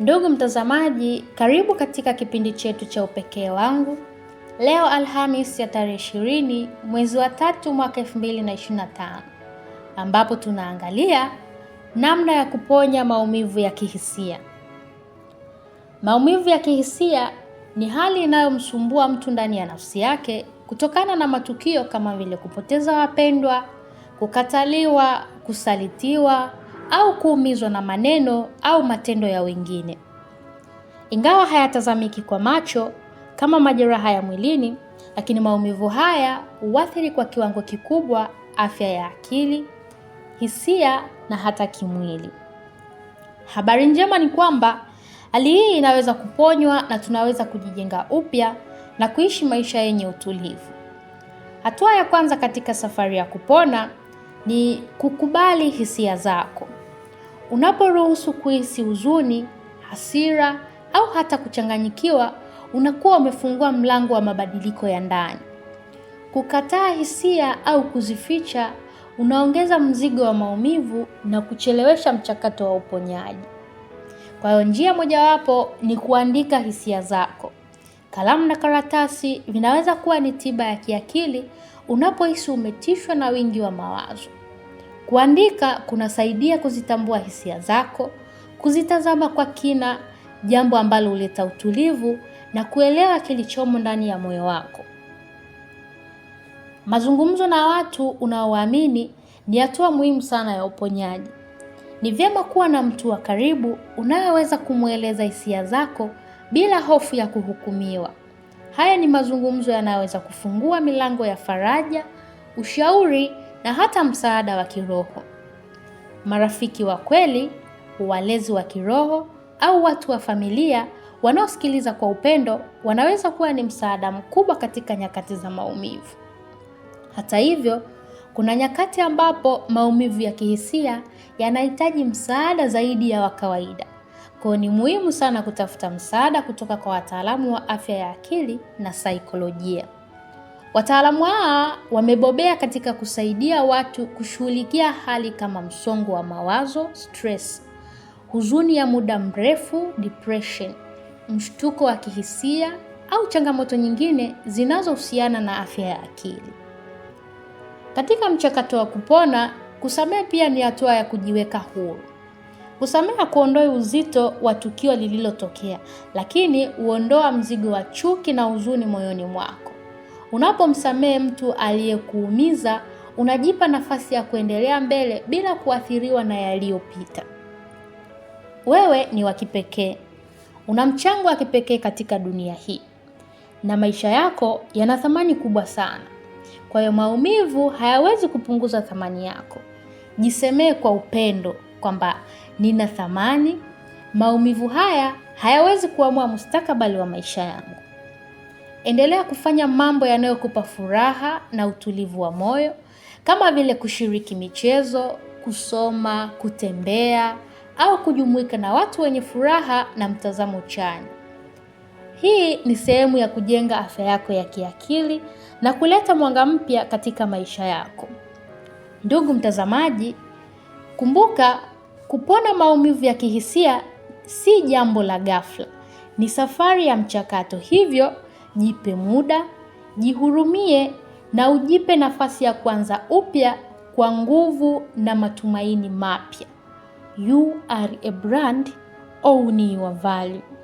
Ndugu mtazamaji, karibu katika kipindi chetu cha Upekee wangu. Leo Alhamis ya tarehe 20 mwezi wa tatu mwaka 2025, ambapo tunaangalia namna ya kuponya maumivu ya kihisia. Maumivu ya kihisia ni hali inayomsumbua mtu ndani ya nafsi yake kutokana na matukio kama vile kupoteza wapendwa, kukataliwa, kusalitiwa au kuumizwa na maneno au matendo ya wengine. Ingawa hayatazamiki kwa macho kama majeraha ya mwilini, lakini maumivu haya huathiri kwa kiwango kikubwa afya ya akili, hisia na hata kimwili. Habari njema ni kwamba hali hii inaweza kuponywa na tunaweza kujijenga upya na kuishi maisha yenye utulivu. Hatua ya kwanza katika safari ya kupona ni kukubali hisia zako. Unaporuhusu kuhisi huzuni, hasira au hata kuchanganyikiwa, unakuwa umefungua mlango wa mabadiliko ya ndani. Kukataa hisia au kuzificha, unaongeza mzigo wa maumivu na kuchelewesha mchakato wa uponyaji. Kwa hiyo, njia mojawapo ni kuandika hisia zako. Kalamu na karatasi vinaweza kuwa ni tiba ya kiakili unapohisi umetishwa na wingi wa mawazo. Kuandika kunasaidia kuzitambua hisia zako, kuzitazama kwa kina, jambo ambalo huleta utulivu na kuelewa kilichomo ndani ya moyo wako. Mazungumzo na watu unaowaamini ni hatua muhimu sana ya uponyaji. Ni vyema kuwa na mtu wa karibu unayeweza kumweleza hisia zako bila hofu ya kuhukumiwa. Haya ni mazungumzo yanayoweza kufungua milango ya faraja, ushauri na hata msaada wa kiroho. Marafiki wa kweli, walezi wa kiroho au watu wa familia wanaosikiliza kwa upendo wanaweza kuwa ni msaada mkubwa katika nyakati za maumivu. Hata hivyo, kuna nyakati ambapo maumivu ya kihisia yanahitaji msaada zaidi ya wa kawaida. Kwa ni muhimu sana kutafuta msaada kutoka kwa wataalamu wa afya ya akili na saikolojia. Wataalamu hawa wamebobea katika kusaidia watu kushughulikia hali kama msongo wa mawazo, stress, huzuni ya muda mrefu, depression, mshtuko wa kihisia au changamoto nyingine zinazohusiana na afya ya akili. Katika mchakato wa kupona, kusamehe pia ni hatua ya kujiweka huru. Kusamehe kuondoa uzito wa tukio lililotokea, lakini huondoa mzigo wa chuki na huzuni moyoni mwako. Unapomsamehe mtu aliyekuumiza, unajipa nafasi ya kuendelea mbele bila kuathiriwa na yaliyopita. Wewe ni wa kipekee, una mchango wa kipekee katika dunia hii na maisha yako yana thamani kubwa sana. Kwa hiyo maumivu hayawezi kupunguza thamani yako. Jisemee kwa upendo kwamba nina thamani, maumivu haya hayawezi kuamua mustakabali wa maisha yangu endelea kufanya mambo yanayokupa furaha na utulivu wa moyo kama vile kushiriki michezo, kusoma, kutembea au kujumuika na watu wenye furaha na mtazamo chanya. Hii ni sehemu ya kujenga afya yako ya kiakili na kuleta mwanga mpya katika maisha yako. Ndugu mtazamaji, kumbuka kupona maumivu ya kihisia si jambo la ghafla. Ni safari ya mchakato, hivyo jipe muda, jihurumie na ujipe nafasi ya kuanza upya kwa nguvu na matumaini mapya. You are a brand, own your value.